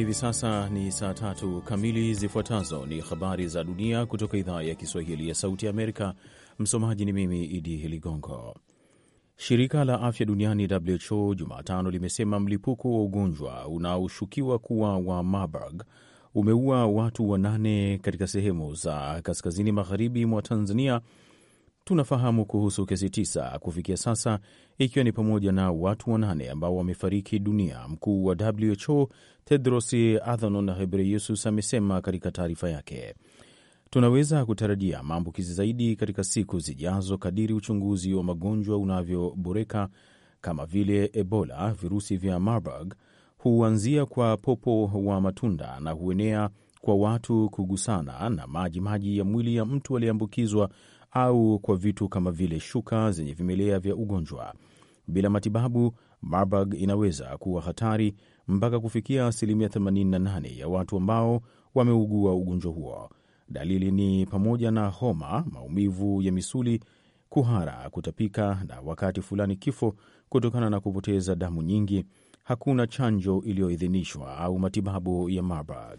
Hivi sasa ni saa tatu kamili. Zifuatazo ni habari za dunia kutoka idhaa ya Kiswahili ya Sauti Amerika. Msomaji ni mimi Idi Ligongo. Shirika la Afya Duniani, WHO, Jumatano limesema mlipuko wa ugonjwa unaoshukiwa kuwa wa Marburg umeua watu wanane katika sehemu za kaskazini magharibi mwa Tanzania Tunafahamu kuhusu kesi tisa kufikia sasa, ikiwa ni pamoja na watu wanane ambao wamefariki dunia. Mkuu wa WHO Tedros Adhanom Ghebreyesus amesema katika taarifa yake, tunaweza kutarajia maambukizi zaidi katika siku zijazo kadiri uchunguzi wa magonjwa unavyoboreka kama vile Ebola. Virusi vya Marburg huanzia kwa popo wa matunda na huenea kwa watu kugusana na maji maji ya mwili ya mtu aliyeambukizwa au kwa vitu kama vile shuka zenye vimelea vya ugonjwa. Bila matibabu, Marburg inaweza kuwa hatari mpaka kufikia asilimia 88 ya watu ambao wameugua ugonjwa huo. Dalili ni pamoja na homa, maumivu ya misuli, kuhara, kutapika na wakati fulani kifo kutokana na kupoteza damu nyingi. Hakuna chanjo iliyoidhinishwa au matibabu ya Marburg.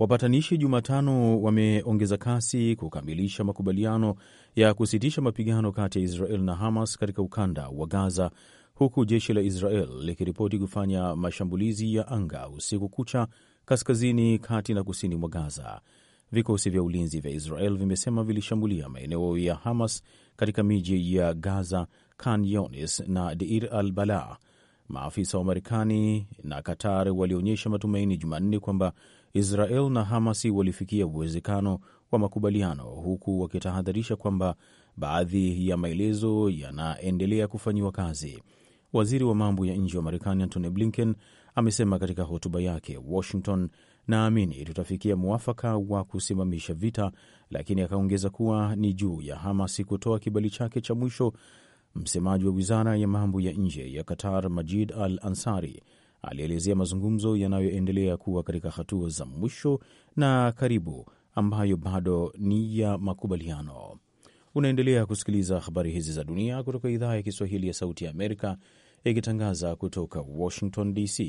Wapatanishi Jumatano wameongeza kasi kukamilisha makubaliano ya kusitisha mapigano kati ya Israel na Hamas katika ukanda wa Gaza, huku jeshi la Israel likiripoti kufanya mashambulizi ya anga usiku kucha kaskazini, kati na kusini mwa Gaza. Vikosi vya ulinzi vya Israel vimesema vilishambulia maeneo ya Hamas katika miji ya Gaza, Khan Yonis na Deir al Balah. Maafisa wa Marekani na Qatar walionyesha matumaini Jumanne kwamba Israel na Hamasi walifikia uwezekano wa makubaliano, huku wakitahadharisha kwamba baadhi ya maelezo yanaendelea kufanyiwa kazi. Waziri wa mambo ya nje wa Marekani Antony Blinken amesema katika hotuba yake Washington, naamini tutafikia mwafaka wa kusimamisha vita, lakini akaongeza kuwa ni juu ya Hamasi kutoa kibali chake cha mwisho. Msemaji wa wizara ya mambo ya nje ya Qatar Majid Al Ansari alielezea mazungumzo yanayoendelea kuwa katika hatua za mwisho na karibu ambayo bado ni ya makubaliano. Unaendelea kusikiliza habari hizi za dunia kutoka idhaa ya Kiswahili ya Sauti ya Amerika ikitangaza kutoka Washington DC.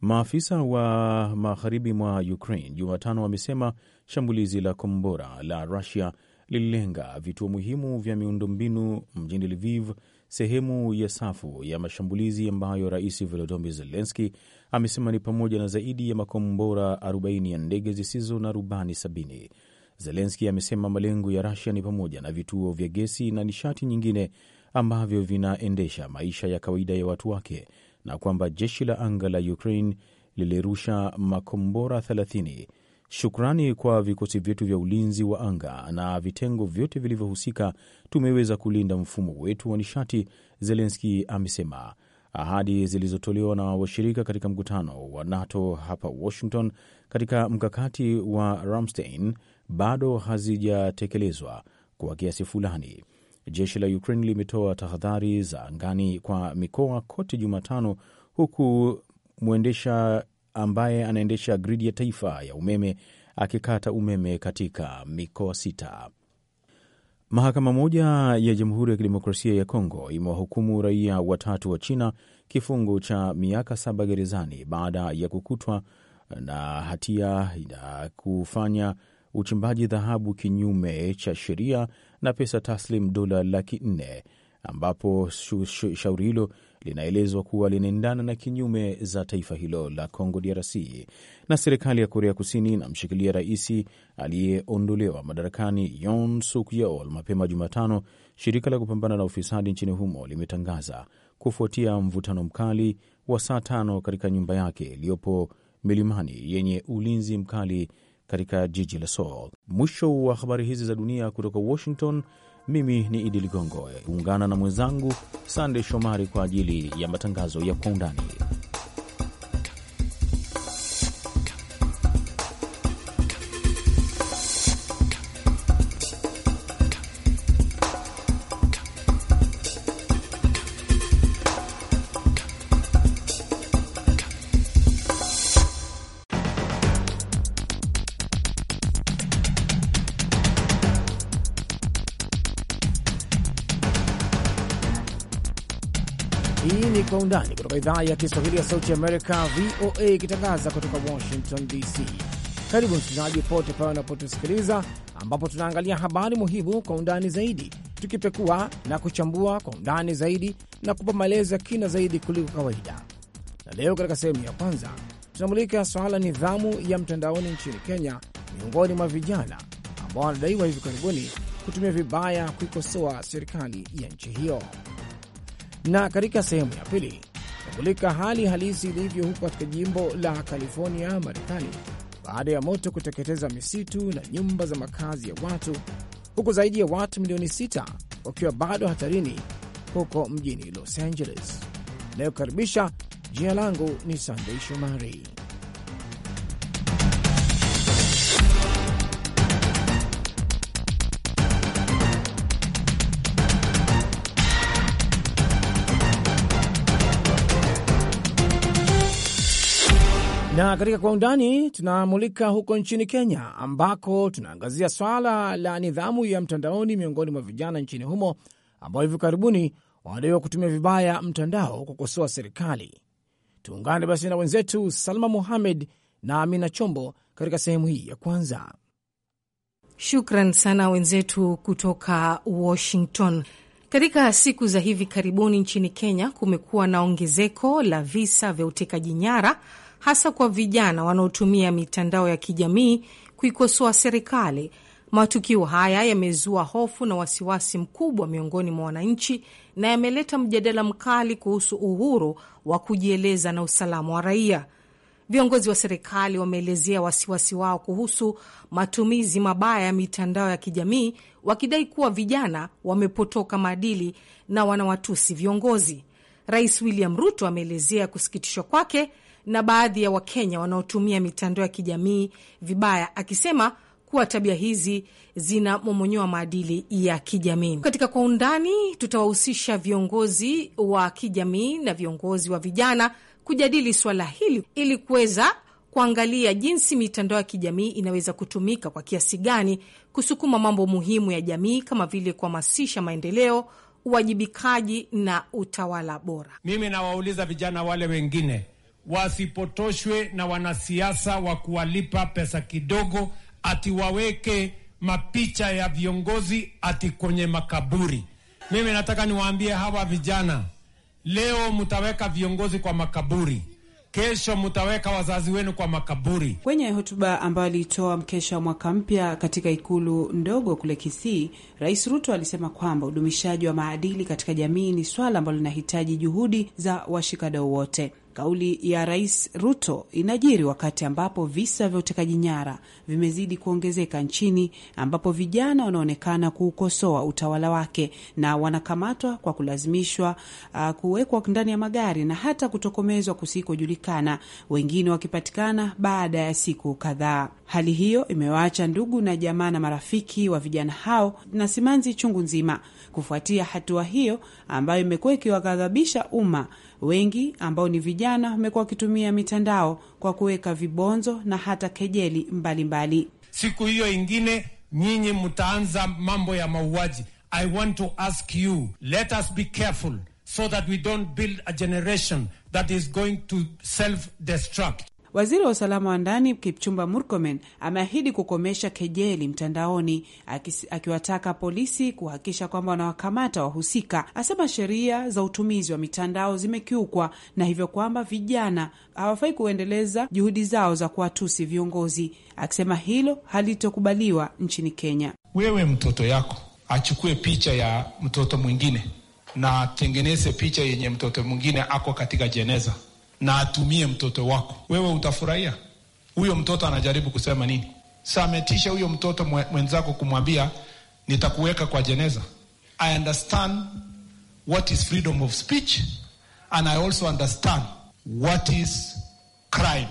Maafisa wa magharibi mwa Ukraine Jumatano wamesema shambulizi la kombora la Rusia lililenga vituo muhimu vya miundombinu mjini Lviv sehemu ya safu ya mashambulizi ambayo Rais Volodymyr Zelenski amesema ni pamoja na zaidi ya makombora 40 ya ndege zisizo na rubani 70. Zelenski amesema malengo ya Rasia ni pamoja na vituo vya gesi na nishati nyingine ambavyo vinaendesha maisha ya kawaida ya watu wake na kwamba jeshi la anga la Ukraine lilirusha makombora Shukrani kwa vikosi vyetu vya ulinzi wa anga na vitengo vyote vilivyohusika, tumeweza kulinda mfumo wetu wa nishati, Zelenski amesema. Ahadi zilizotolewa na washirika katika mkutano wa NATO hapa Washington katika mkakati wa Ramstein bado hazijatekelezwa kwa kiasi fulani. Jeshi la Ukraine limetoa tahadhari za angani kwa mikoa kote Jumatano, huku mwendesha ambaye anaendesha gridi ya taifa ya umeme akikata umeme katika mikoa sita. Mahakama moja ya Jamhuri ya Kidemokrasia ya Kongo imewahukumu raia watatu wa China kifungo cha miaka saba gerezani baada ya kukutwa na hatia ya kufanya uchimbaji dhahabu kinyume cha sheria na pesa taslim dola laki nne ambapo shauri hilo linaelezwa kuwa linaendana na kinyume za taifa hilo la Congo DRC. Na serikali ya Korea Kusini inamshikilia rais aliyeondolewa madarakani Yoon Suk Yeol mapema Jumatano, shirika la kupambana na ufisadi nchini humo limetangaza kufuatia mvutano mkali wa saa tano katika nyumba yake iliyopo milimani yenye ulinzi mkali katika jiji la Seoul. Mwisho wa habari hizi za dunia kutoka Washington. Mimi ni Idi Ligongo, ungana na mwenzangu Sande Shomari kwa ajili ya matangazo ya Kwa Undani. Undani kutoka idhaa ya Kiswahili ya Sauti Amerika, VOA, ikitangaza kutoka Washington DC. Karibu msikilizaji pote pale unapotusikiliza, ambapo tunaangalia habari muhimu kwa undani zaidi, tukipekua na kuchambua kwa undani zaidi na kupa maelezo ya kina zaidi kuliko kawaida. Na leo katika sehemu ya kwanza tunamulika swala nidhamu ya mtandaoni nchini Kenya miongoni mwa vijana ambao wanadaiwa hivi karibuni kutumia vibaya kuikosoa serikali ya nchi hiyo. Na katika sehemu ya pili kumulika hali halisi ilivyo huko katika jimbo la California, Marekani, baada ya moto kuteketeza misitu na nyumba za makazi ya watu, huku zaidi ya watu milioni sita wakiwa bado hatarini huko mjini Los Angeles. Inayokaribisha, jina langu ni Sandei Shomari. Na katika kwa undani tunamulika huko nchini Kenya, ambako tunaangazia swala la nidhamu ya mtandaoni miongoni mwa vijana nchini humo ambao hivi karibuni wanadaiwa kutumia vibaya mtandao kukosoa serikali. Tuungane basi na wenzetu Salma Muhamed na Amina Chombo katika sehemu hii ya kwanza. Shukran sana wenzetu kutoka Washington. Katika siku za hivi karibuni nchini Kenya kumekuwa na ongezeko la visa vya utekaji nyara hasa kwa vijana wanaotumia mitandao ya kijamii kuikosoa serikali. Matukio haya yamezua hofu na wasiwasi mkubwa miongoni mwa wananchi na yameleta mjadala mkali kuhusu uhuru wa kujieleza na usalama wa raia. Viongozi wa serikali wameelezea wasiwasi wao kuhusu matumizi mabaya ya mitandao ya kijamii, wakidai kuwa vijana wamepotoka maadili na wanawatusi viongozi. Rais William Ruto ameelezea kusikitishwa kwake na baadhi ya Wakenya wanaotumia mitandao ya kijamii vibaya, akisema kuwa tabia hizi zina momonyoa maadili ya kijamii. Katika kwa undani, tutawahusisha viongozi wa kijamii na viongozi wa vijana kujadili suala hili ili kuweza kuangalia jinsi mitandao ya kijamii inaweza kutumika kwa kiasi gani kusukuma mambo muhimu ya jamii kama vile kuhamasisha maendeleo, uwajibikaji na utawala bora. Mimi nawauliza vijana wale wengine wasipotoshwe na wanasiasa wa kuwalipa pesa kidogo, ati waweke mapicha ya viongozi ati kwenye makaburi. Mimi nataka niwaambie hawa vijana, leo mtaweka viongozi kwa makaburi, kesho mtaweka wazazi wenu kwa makaburi. Kwenye hotuba ambayo aliitoa mkesha wa mwaka mpya katika ikulu ndogo kule Kisii, Rais Ruto alisema kwamba udumishaji wa maadili katika jamii ni swala ambalo linahitaji juhudi za washikadau wote. Kauli ya Rais Ruto inajiri wakati ambapo visa vya utekaji nyara vimezidi kuongezeka nchini, ambapo vijana wanaonekana kuukosoa utawala wake na wanakamatwa kwa kulazimishwa uh, kuwekwa ndani ya magari na hata kutokomezwa kusikojulikana, wengine wakipatikana baada ya siku kadhaa. Hali hiyo imewaacha ndugu na jamaa na marafiki wa vijana hao na simanzi chungu nzima, kufuatia hatua hiyo ambayo imekuwa ikiwaghadhabisha umma. Wengi ambao ni vijana wamekuwa wakitumia mitandao kwa kuweka vibonzo na hata kejeli mbalimbali mbali. Siku hiyo ingine nyinyi mtaanza mambo ya mauaji. I want to ask you, let us be careful so that we don't build a generation that is going to self-destruct. Waziri wa usalama wa ndani Kipchumba Murkomen ameahidi kukomesha kejeli mtandaoni, akiwataka polisi kuhakikisha kwamba wanawakamata wahusika. Asema sheria za utumizi wa mitandao zimekiukwa na hivyo kwamba vijana hawafai kuendeleza juhudi zao za kuwatusi viongozi, akisema hilo halitokubaliwa nchini Kenya. Wewe mtoto yako achukue picha ya mtoto mwingine na atengeneze picha yenye mtoto mwingine ako katika jeneza na atumie mtoto wako, wewe utafurahia. Huyo mtoto anajaribu kusema nini? saametisha huyo mtoto mwenzako kumwambia nitakuweka kwa jeneza. I understand what is freedom of speech and I also understand what is crime.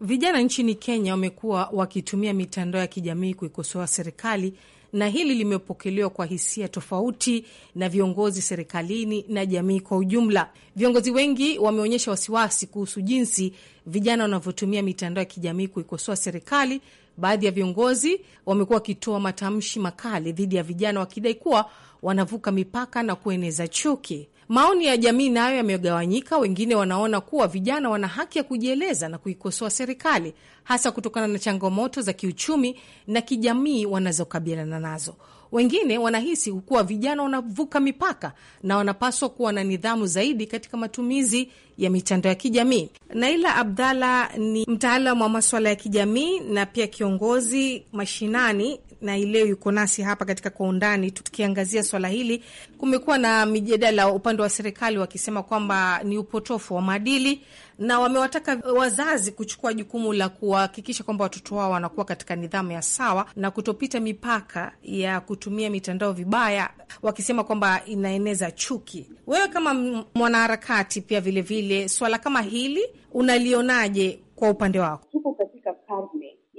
Vijana nchini Kenya wamekuwa wakitumia mitandao ya kijamii kuikosoa serikali na hili limepokelewa kwa hisia tofauti na viongozi serikalini na jamii kwa ujumla. Viongozi wengi wameonyesha wasiwasi kuhusu jinsi vijana wanavyotumia mitandao ya kijamii kuikosoa serikali. Baadhi ya viongozi wamekuwa wakitoa matamshi makali dhidi ya vijana wakidai kuwa wanavuka mipaka na kueneza chuki. Maoni ya jamii nayo yamegawanyika. Wengine wanaona kuwa vijana wana haki ya kujieleza na kuikosoa serikali, hasa kutokana na changamoto za kiuchumi na kijamii wanazokabiliana nazo. Wengine wanahisi kuwa vijana wanavuka mipaka na wanapaswa kuwa na nidhamu zaidi katika matumizi ya mitandao ya kijamii. Naila Abdalla ni mtaalamu wa maswala ya kijamii na pia kiongozi mashinani na ileo yuko nasi hapa katika kwa undani tukiangazia swala hili. Kumekuwa na mijadala upande wa serikali wakisema kwamba ni upotofu wa maadili na wamewataka wazazi kuchukua jukumu la kuhakikisha kwamba watoto wao wanakuwa katika nidhamu ya sawa na kutopita mipaka ya kutumia mitandao vibaya, wakisema kwamba inaeneza chuki. Wewe kama mwanaharakati pia vilevile, swala kama hili unalionaje kwa upande wako?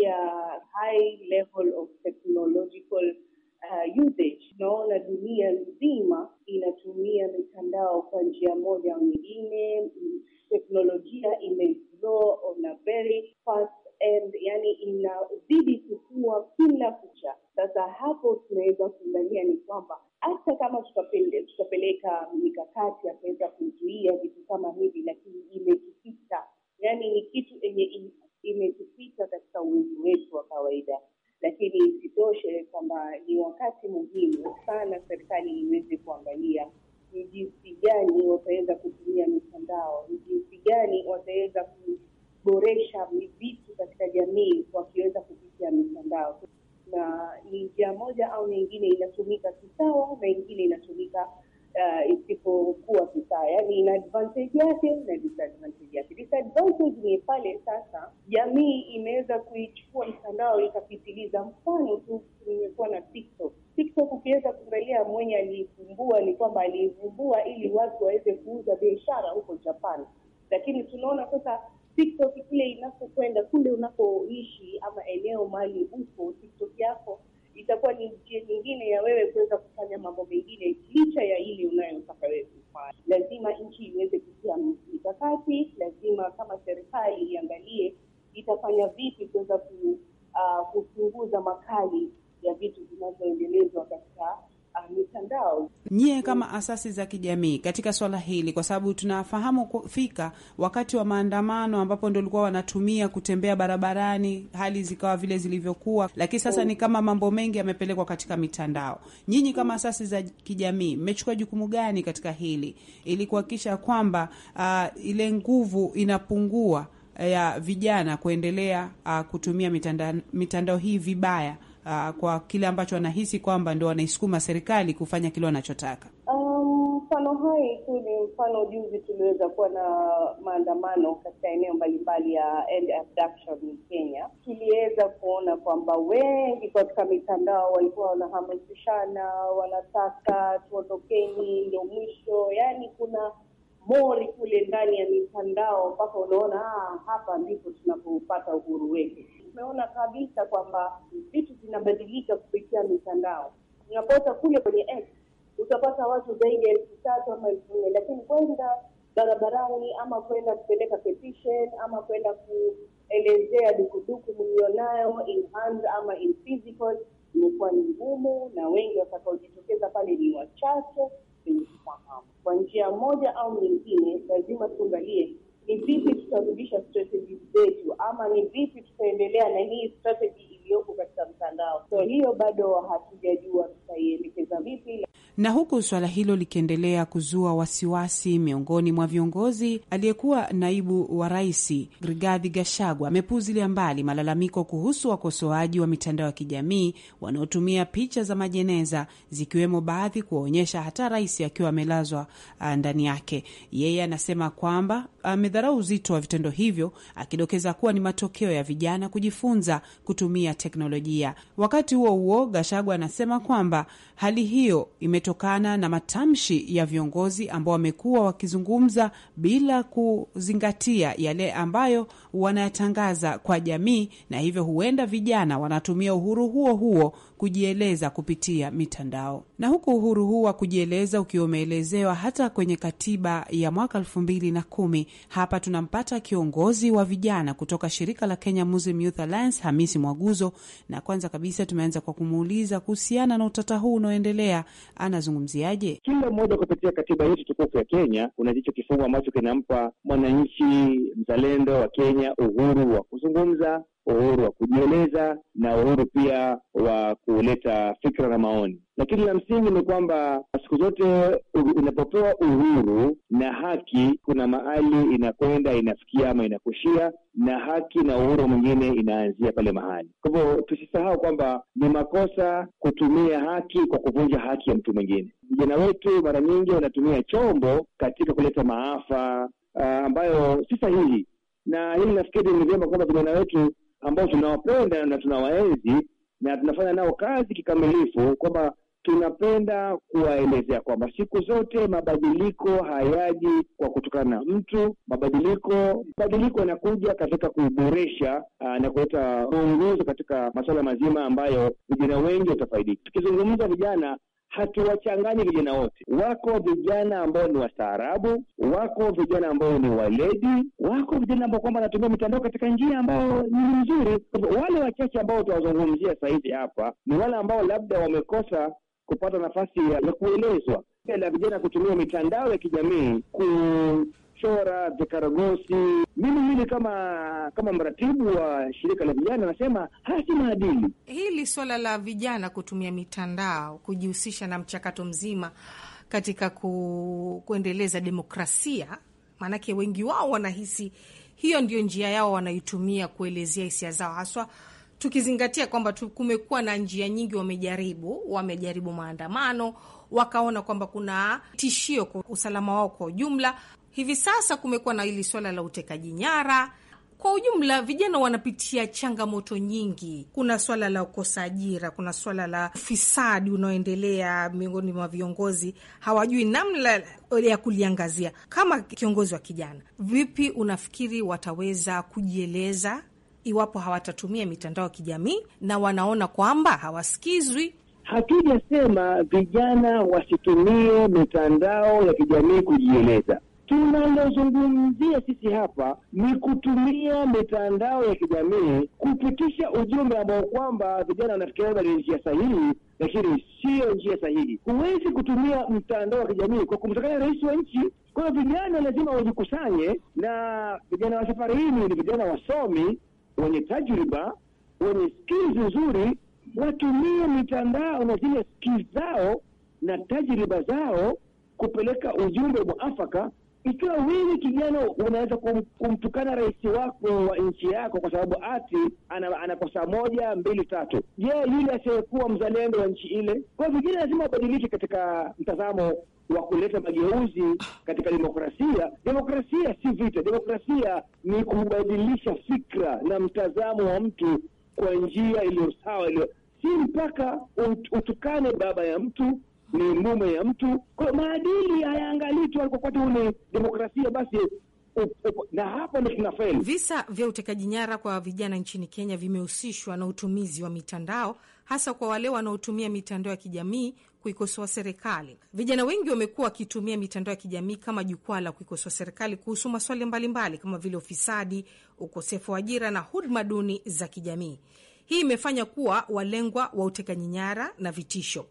ya high level of technological uh, usage. Tunaona dunia nzima inatumia mitandao kwa njia moja au nyingine. Teknolojia ime on a very waliivumbua ili watu waweze kuuza biashara huko Japan, lakini tunaona sasa TikTok kile inapokwenda kule unapoishi ama eneo mali huko TikTok yako itakuwa ni njia nyingine ya wewe kuweza kufanya mambo mengine licha ya ile unayotaka wewe kufanya. Lazima nchi iweze kutia mikakati, lazima kama serikali iangalie itafanya vipi kuweza uh, kupunguza uh, makali ya vitu vinavyoendelezwa katika mitandao. Nyie kama asasi za kijamii katika swala hili, kwa sababu tunafahamu kufika wakati wa maandamano ambapo ndo walikuwa wanatumia kutembea barabarani, hali zikawa vile zilivyokuwa, lakini sasa ni kama mambo mengi yamepelekwa katika mitandao. Nyinyi kama asasi za kijamii mmechukua jukumu gani katika hili ili kuhakikisha kwamba uh, ile nguvu inapungua eh, ya vijana kuendelea uh, kutumia mitandao mitandao hii vibaya? uh, kwa kile ambacho wanahisi kwamba ndo wanaisukuma serikali kufanya kile wanachotaka. Um, mfano um, hai tu ni mfano, juzi tuliweza kuwa na maandamano katika eneo mbalimbali ya End Abduction Kenya. Tuliweza kuona kwamba wengi katika mitandao walikuwa wanahamasishana, wanataka tuondokeni, ndio mwisho. yani kuna mori kule ndani ya mitandao mpaka unaona ah, hapa ndipo tunapopata uhuru wetu tumeona kabisa kwamba vitu vinabadilika kupitia mitandao. Unapata kule kwenye X utapata watu zaidi ya elfu tatu ama elfu nne lakini kwenda barabarani ama kwenda kupeleka petition ama kwenda kuelezea dukuduku mlionayo in hand ama in physical imekuwa ni ngumu, na wengi watakaojitokeza pale ni wachache Kwa njia moja au nyingine, lazima tuangalie ni vipi tutarudisha strategi zetu ama ni vipi tutaendelea na hii strategi iliyoko katika mtandao. So hiyo bado hatujajua tutaielekeza vipi na huku suala hilo likiendelea kuzua wasiwasi miongoni mwa viongozi, aliyekuwa naibu wa rais Rigathi Gachagua amepuzilia mbali malalamiko kuhusu wakosoaji wa mitandao ya kijamii wanaotumia picha za majeneza, zikiwemo baadhi kuwaonyesha hata rais akiwa amelazwa ah, ndani yake. Yeye anasema kwamba amedharau uzito wa vitendo hivyo, akidokeza kuwa ni matokeo ya vijana kujifunza kutumia teknolojia. Wakati huo huo, Gachagua anasema kwamba hali hiyo ime imetokana na matamshi ya viongozi ambao wamekuwa wakizungumza bila kuzingatia yale ambayo wanayatangaza kwa jamii, na hivyo huenda vijana wanatumia uhuru huo huo kujieleza kupitia mitandao. Na huku uhuru huu wa kujieleza ukiwa umeelezewa hata kwenye katiba ya mwaka elfu mbili na kumi, hapa tunampata kiongozi wa vijana kutoka shirika la Kenya Muslim Youth Alliance, Hamisi Mwaguzo, na kwanza kabisa tumeanza kwa kumuuliza kuhusiana na utata huu unaoendelea, anazungumziaje? Kila mmoja kupitia katiba yetu tukufu ya Kenya kuna jicho kifungu ambacho kinampa mwananchi mzalendo wa Kenya uhuru wa kuzungumza uhuru wa kujieleza na uhuru pia wa kuleta fikra na maoni. Lakini la msingi ni kwamba siku zote unapopewa uhuru na haki, kuna mahali inakwenda inafikia ama inakushia, na haki na uhuru mwingine inaanzia pale mahali. Kwa hivyo tusisahau kwamba ni makosa kutumia haki kwa kuvunja haki ya mtu mwingine. Vijana wetu mara nyingi wanatumia chombo katika kuleta maafa uh, ambayo si sahihi, na hili nafikiri ni vyema kwamba vijana wetu ambao tunawapenda na tunawaenzi na tunafanya nao kazi kikamilifu, kwamba tunapenda kuwaelezea kwamba siku zote mabadiliko hayaji kwa kutokana na mtu. Mabadiliko mabadiliko yanakuja katika kuboresha ah, na kuleta mwongozo katika masuala mazima ambayo vijana wengi watafaidika. Tukizungumza vijana, hatuwachanganyi vijana wote. Wako vijana ambao ni wastaarabu, wako vijana ambao ni waledi, wako vijana ambao kwamba wanatumia mitandao katika njia ambayo ni mzuri. Wale wachache ambao tunawazungumzia sahizi hapa ni wale ambao labda wamekosa kupata nafasi ya, ya kuelezwa la vijana kutumia mitandao ya kijamii ku Chora Vikaragosi. Mimi hili kama kama mratibu wa shirika la vijana nasema hasi maadili hili swala la vijana kutumia mitandao kujihusisha na mchakato mzima katika ku, kuendeleza demokrasia, maanake wengi wao wanahisi hiyo ndio njia yao wanaitumia kuelezea hisia zao, haswa tukizingatia kwamba kumekuwa na njia nyingi wamejaribu. Wamejaribu maandamano, wakaona kwamba kuna tishio kwa usalama wao kwa ujumla, hivi sasa kumekuwa na hili swala la utekaji nyara. Kwa ujumla, vijana wanapitia changamoto nyingi. Kuna swala la kukosa ajira, kuna swala la ufisadi unaoendelea miongoni mwa viongozi, hawajui namna ya kuliangazia. Kama kiongozi wa kijana, vipi unafikiri wataweza kujieleza iwapo hawatatumia mitandao ya kijamii na wanaona kwamba hawasikizwi? Hatujasema vijana wasitumie mitandao ya kijamii kujieleza Tunalozungumzia sisi hapa ni kutumia mitandao ya kijamii kupitisha ujumbe ambao kwamba vijana wanafikiria labda ni njia sahihi, lakini siyo njia sahihi. Huwezi kutumia mtandao wa kijamii kwa kumtakana rais wa nchi. Kwa hiyo vijana lazima wajikusanye, na vijana wa safari hii ni vijana wasomi wenye tajriba, wenye skills nzuri, watumie mitandao na zile skills zao na tajriba zao kupeleka ujumbe mwafaka ikiwa wewe kijana unaweza kum, kumtukana rais wako wa nchi yako kwa sababu ati anakosa ana moja mbili tatu, je, yule asiyekuwa mzalendo wa nchi ile? kwao vingine lazima wabadilike katika mtazamo wa kuleta mageuzi katika demokrasia. Demokrasia si vita, demokrasia ni kubadilisha fikra na mtazamo wa mtu kwa njia iliyo sawa, iliyo si mpaka utukane baba ya mtu ni mume ya mtu. Kwa maadili hayaangalii tu alikokote, huu ni demokrasia basi na hapo ndo tunafeli. Visa vya utekaji nyara kwa vijana nchini Kenya vimehusishwa na utumizi wa mitandao, hasa kwa wale wanaotumia mitandao ya kijamii kuikosoa serikali. Vijana wengi wamekuwa wakitumia mitandao ya kijamii kama jukwaa la kuikosoa serikali kuhusu maswali mbalimbali kama vile ufisadi, ukosefu wa ajira na huduma duni za kijamii. Hii imefanya kuwa walengwa wa utekaji nyara na vitisho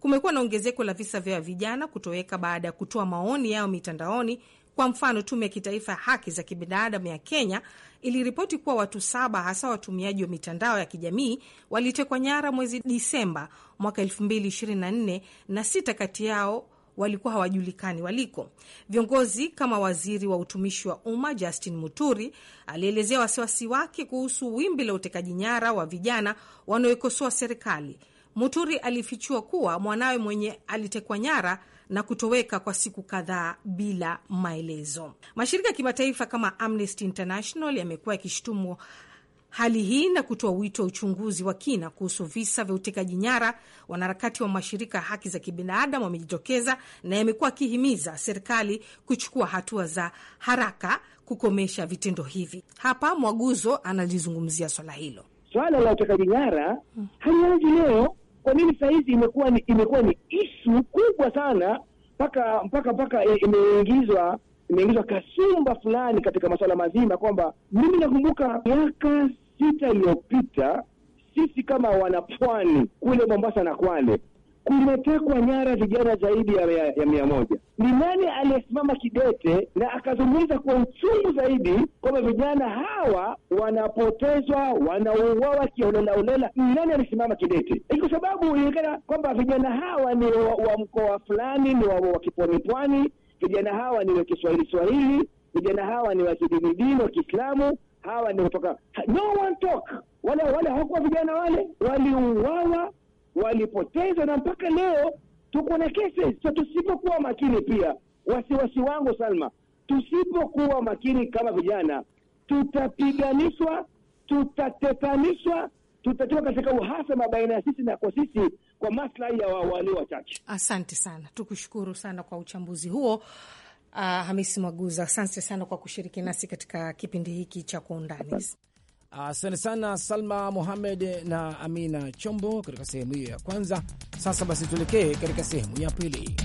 kumekuwa na ongezeko la visa vya vijana kutoweka baada ya kutoa maoni yao mitandaoni. Kwa mfano, tume ya kitaifa ya haki za kibinadamu ya Kenya iliripoti kuwa watu saba, hasa watumiaji wa mitandao ya kijamii, walitekwa nyara mwezi Disemba mwaka 2024 na sita kati yao walikuwa hawajulikani waliko. Viongozi kama waziri wa utumishi wa umma Justin Muturi alielezea wasiwasi wake kuhusu wimbi la utekaji nyara wa vijana wanaoikosoa serikali Muturi alifichua kuwa mwanawe mwenye alitekwa nyara na kutoweka kwa siku kadhaa bila maelezo. Mashirika ya kimataifa kama Amnesty International yamekuwa yakishutumu hali hii na kutoa wito wa uchunguzi wa kina kuhusu visa vya utekaji nyara. Wanaharakati wa mashirika ya haki za kibinadamu wamejitokeza na yamekuwa akihimiza serikali kuchukua hatua za haraka kukomesha vitendo hivi. Hapa Mwaguzo analizungumzia swala hilo. Swala la utekaji nyara halianzi leo, kwa nini sahizi imekuwa ni, imekuwa ni isu kubwa sana mpaka mpaka mpaka eh, imeingizwa imeingizwa kasumba fulani katika masuala mazima, kwamba mimi nakumbuka miaka sita iliyopita sisi kama wanapwani kule Mombasa na Kwale kumetekwa nyara vijana zaidi ya mia, ya mia moja. Ni nani aliyesimama kidete na akazungumza kwa uchungu zaidi kwamba vijana hawa wanapotezwa, wanauawa kiholelaholela? Ni nani alisimama kidete? Ni kwa sababu ilionekana kwamba vijana hawa ni wa, wa mkoa fulani, ni wa, wa pwani, vijana hawa ni wa Kiswahili Swahili, vijana hawa ni wa kidini dini, wa Kiislamu hawa ni kutoka no one talk. Wale wale hawakuwa vijana wale, waliuawa walipoteza, na mpaka leo tuko na kesi. So tusipokuwa makini, pia wasiwasi wangu Salma, tusipokuwa makini kama vijana, tutapiganishwa, tutatetanishwa, tutatoka katika uhasama baina ya sisi na kwa sisi kwa maslahi ya walio wachache. Asante sana, tukushukuru sana kwa uchambuzi huo. Uh, Hamisi Mwaguza, asante sana kwa kushiriki nasi katika kipindi hiki cha Kwa Undani. Asante sana Salma muhamed na Amina Chombo katika sehemu hiyo ya kwanza. Sasa basi, tuelekee katika sehemu ya pili.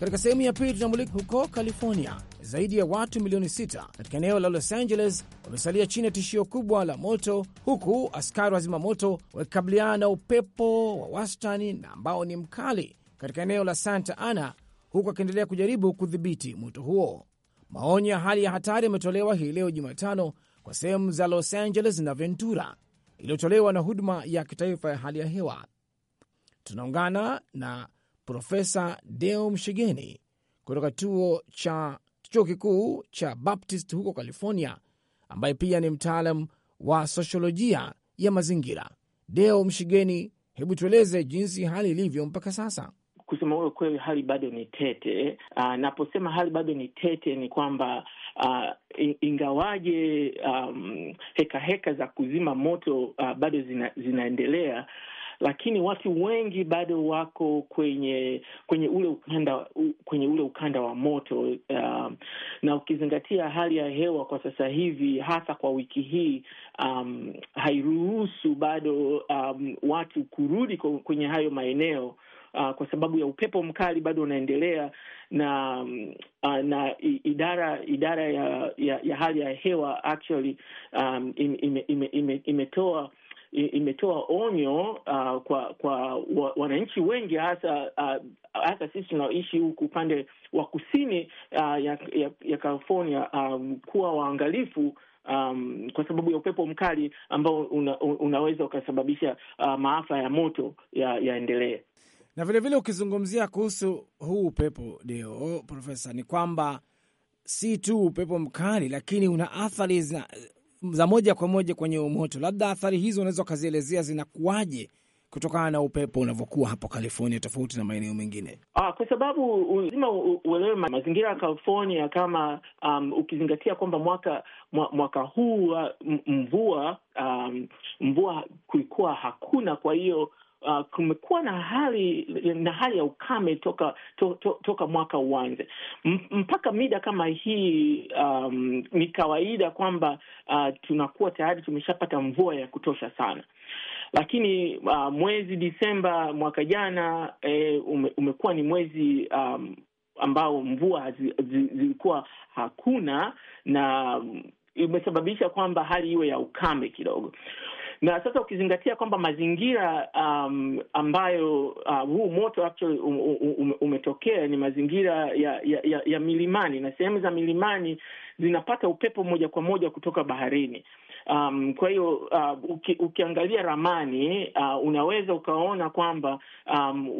Katika sehemu ya pili tunamulika huko California zaidi ya watu milioni sita katika eneo la Los Angeles wamesalia chini ya tishio kubwa la moto, huku askari wa zimamoto wakikabiliana na upepo wa wastani na ambao ni mkali katika eneo la Santa Ana, huku akiendelea kujaribu kudhibiti moto huo. Maonyo ya hali ya hatari yametolewa hii leo Jumatano kwa sehemu za Los Angeles na Ventura, iliyotolewa na huduma ya kitaifa ya hali ya hewa. Tunaungana na Profesa Deo Mshigeni kutoka chuo cha chuo kikuu cha Baptist huko California, ambaye pia ni mtaalam wa sosiolojia ya mazingira. Deo Mshigeni, hebu tueleze jinsi hali ilivyo mpaka sasa. Kusema kweli, hali bado ni tete. Ah, naposema hali bado ni tete ni kwamba uh, ingawaje um, heka heka za kuzima moto uh, bado zina, zinaendelea lakini watu wengi bado wako kwenye kwenye ule ukanda kwenye ule ukanda wa moto um, na ukizingatia hali ya hewa kwa sasa hivi hasa kwa wiki hii um, hairuhusu bado um, watu kurudi kwenye hayo maeneo uh, kwa sababu ya upepo mkali bado unaendelea na um, uh, na idara idara ya, ya, ya hali ya hewa actually um, imetoa ime, ime, ime imetoa onyo uh, kwa kwa wananchi wengi hasa uh, hasa sisi tunaoishi huku upande wa kusini uh, ya, ya, ya California um, kuwa waangalifu um, kwa sababu ya upepo mkali ambao una, unaweza ukasababisha uh, maafa ya moto yaendelee ya na vilevile vile ukizungumzia kuhusu huu upepo Deo Profesa, ni kwamba si tu upepo mkali, lakini una athari za moja kwa moja kwenye umoto. Labda athari hizo unaweza ukazielezea zinakuwaje kutokana na upepo unavyokuwa hapo California tofauti na maeneo mengine? Ah, kwa sababu lazima uelewe mazingira ya California kama um, ukizingatia kwamba mwaka mwaka huu mvua um, mvua kulikuwa hakuna, kwa hiyo uh, kumekuwa na hali na hali ya ukame toka to, to, toka mwaka uanze mpaka mida kama hii. Um, ni kawaida kwamba uh, tunakuwa tayari tumeshapata mvua ya kutosha sana, lakini uh, mwezi Disemba mwaka jana eh, ume, umekuwa ni mwezi um, ambao mvua zilikuwa hakuna na um, imesababisha kwamba hali iwe ya ukame kidogo na sasa ukizingatia kwamba mazingira um, ambayo uh, huu moto actually um um, um, um, umetokea ni mazingira ya, ya, ya, ya milimani na sehemu za milimani zinapata upepo moja kwa moja kutoka baharini. Um, kwa hiyo uh, uki, ukiangalia ramani uh, unaweza ukaona kwamba um,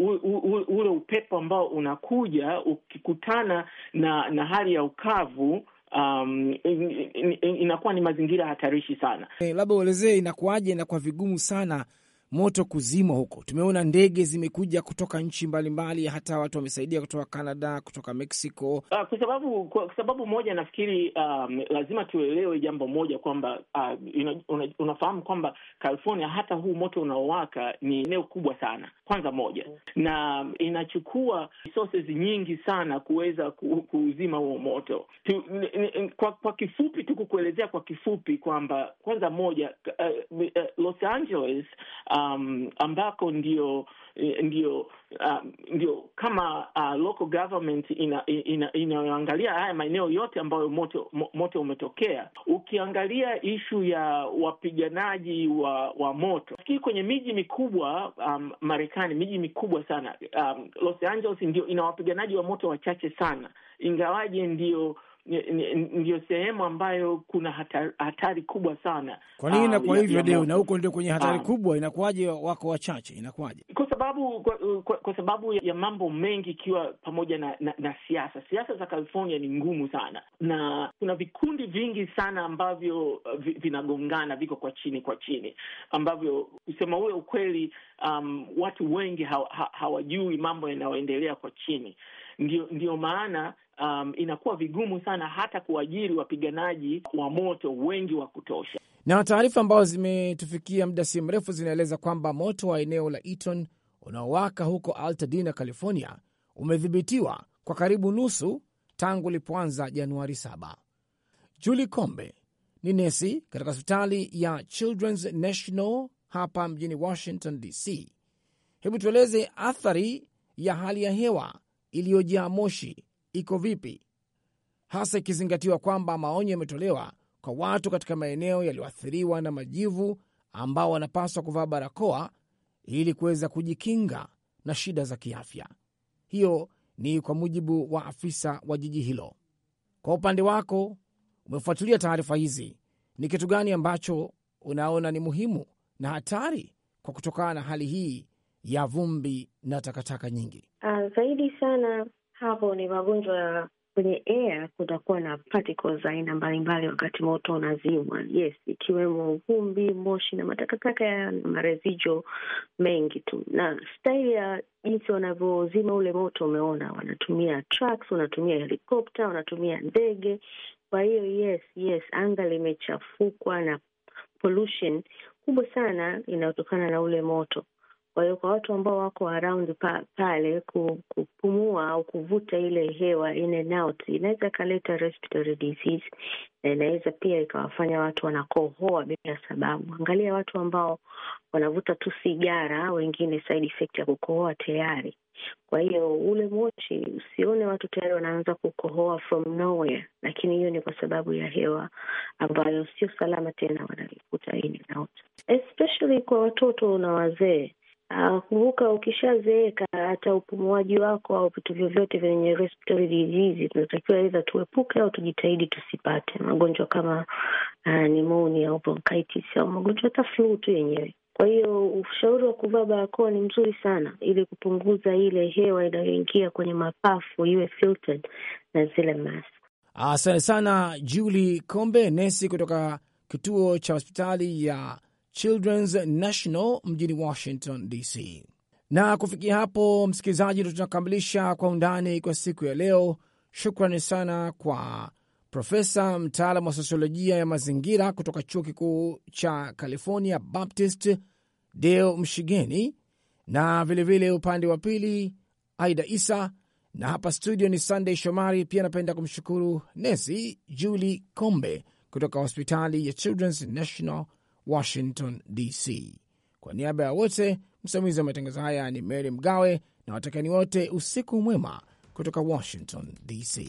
ule upepo ambao unakuja ukikutana na, na hali ya ukavu um, in, in, in, inakuwa ni mazingira hatarishi sana. Hey, eh, labda uelezee inakuwaje na kwa vigumu sana moto kuzimwa huko. Tumeona ndege zimekuja kutoka nchi mbalimbali, hata watu wamesaidia kutoka Canada, kutoka Mexico. Uh, kwa sababu kwa sababu moja nafikiri um, lazima tuelewe jambo moja kwamba uh, ah, una, una, unafahamu kwamba California hata huu moto unaowaka ni eneo kubwa sana, kwanza moja, na inachukua resources nyingi sana kuweza kuuzima huo moto tu, n, n, kwa, kwa kifupi tu kukuelezea kwa kifupi kwamba kwanza moja, uh, uh, Los Angeles uh, um, ambako ndio eh, ndio um, ndio kama uh, local government inayoangalia ina, ina haya maeneo yote ambayo moto moto umetokea. Ukiangalia ishu ya wapiganaji wa wa moto, lakini kwenye miji mikubwa um, Marekani, miji mikubwa sana um, Los Angeles ndio ina wapiganaji wa moto wachache sana, ingawaje ndio ndiyo sehemu ambayo kuna hatari, hatari kubwa sana. Kwa nini um, inakuwa hivyo deo, Na huko ndio kwenye hatari ah. kubwa, inakuwaje wako wachache? Inakuwaje? Kwa sababu kwa, kwa, kwa sababu ya mambo mengi, ikiwa pamoja na, na, na siasa. Siasa za California ni ngumu sana, na kuna vikundi vingi sana ambavyo uh, vinagongana, viko kwa chini kwa chini, ambavyo kusema huyo ukweli, um, watu wengi hawajui ha, hawajui mambo yanayoendelea kwa chini, ndio ndio maana um, inakuwa vigumu sana hata kuajiri wapiganaji wa moto wengi wa kutosha. Na taarifa ambazo zimetufikia muda si mrefu zinaeleza kwamba moto wa eneo la Eaton unaowaka huko Altadena, California umedhibitiwa kwa karibu nusu tangu ulipoanza Januari 7. Julie Kombe ni nesi katika hospitali ya Children's National hapa mjini Washington DC. Hebu tueleze athari ya hali ya hewa iliyojaa moshi iko vipi, hasa ikizingatiwa kwamba maonyo yametolewa kwa watu katika maeneo yaliyoathiriwa na majivu ambao wanapaswa kuvaa barakoa ili kuweza kujikinga na shida za kiafya. Hiyo ni kwa mujibu wa afisa wa jiji hilo. Kwa upande wako, umefuatilia taarifa hizi, ni kitu gani ambacho unaona ni muhimu na hatari kwa kutokana na hali hii ya vumbi na takataka nyingi? Uh, zaidi sana hapo ni magonjwa ya kwenye air, kutakuwa na particles za aina mbalimbali wakati moto unazimwa, yes, ikiwemo vumbi, moshi na matakataka ya marezijo mengi tu. Na staili ya jinsi wanavyozima ule moto, umeona wanatumia trucks, wanatumia helikopta, wanatumia ndege. Kwa hiyo yes, yes, anga limechafukwa na pollution kubwa sana inayotokana na ule moto. Kwa hiyo kwa watu ambao wako around pa, pale kupumua au kuvuta ile hewa in and out inaweza ikaleta respiratory disease, na inaweza pia ikawafanya watu wanakohoa bila sababu. Angalia watu ambao wanavuta tu sigara, wengine side effect ya kukohoa tayari. Kwa hiyo ule mochi usione watu tayari wanaanza kukohoa from nowhere, lakini hiyo ni kwa sababu ya hewa ambayo sio salama tena, wanaikuta in and out, especially kwa watoto na wazee. Uh, kumbuka ukishazeeka hata upumuaji wako au vitu vyovyote vyenye respiratory disease tunatakiwa aidha tuepuke au tujitahidi tusipate magonjwa kama uh, pneumonia au bronchitis au magonjwa hata flu tu yenyewe. Kwa hiyo ushauri wa kuvaa barakoa ni mzuri sana, ili kupunguza ile hewa inayoingia kwenye mapafu iwe filtered na zile mask. Asante sana Julie Kombe, nesi kutoka kituo cha hospitali ya Children's National mjini Washington DC. Na kufikia hapo, msikilizaji, ndo tunakamilisha kwa undani kwa siku ya leo. Shukrani sana kwa Profesa mtaalam wa sosiolojia ya mazingira kutoka chuo kikuu cha California Baptist Deo Mshigeni, na vilevile vile upande wa pili Aida Isa, na hapa studio ni Sunday Shomari. Pia napenda kumshukuru nesi Julie Kombe kutoka hospitali ya Children's National Washington DC. Kwa niaba ya wote, msimamizi wa matangazo haya ni Mary Mgawe na watakani wote usiku mwema kutoka Washington DC.